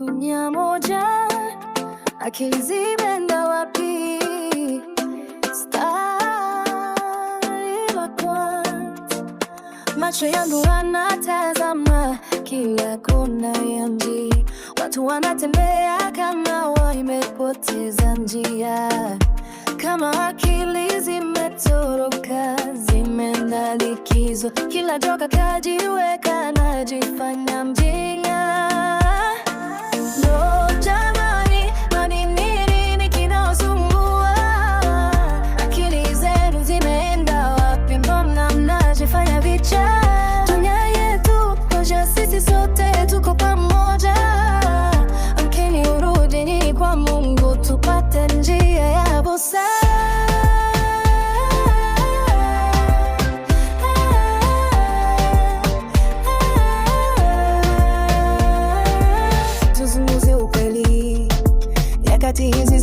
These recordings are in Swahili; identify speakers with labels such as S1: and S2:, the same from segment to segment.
S1: dunia moja, akili zimeenda wapi? Stari wa macho yangu yanatazama kila kona ya mji, watu wanatembea kama wamepoteza njia, kama akili zimetoroka, zimeenda likizo, kila joka kajiweka, najifanya mjinga No.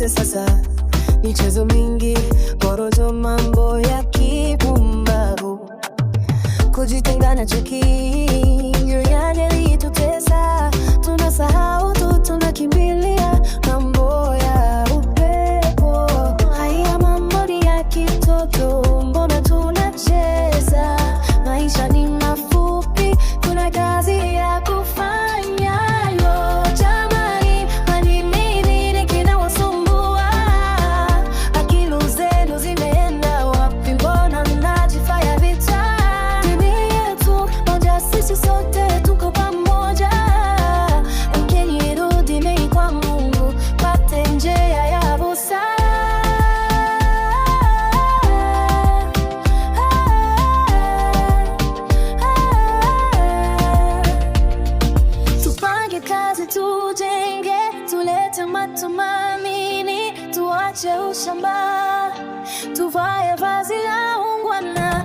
S2: sasa, michezo mingi, porojo, mambo ya kipumbavu, kujitenga na chuki
S1: tumamini tuache ushamba, tuvae vazi la ungwana.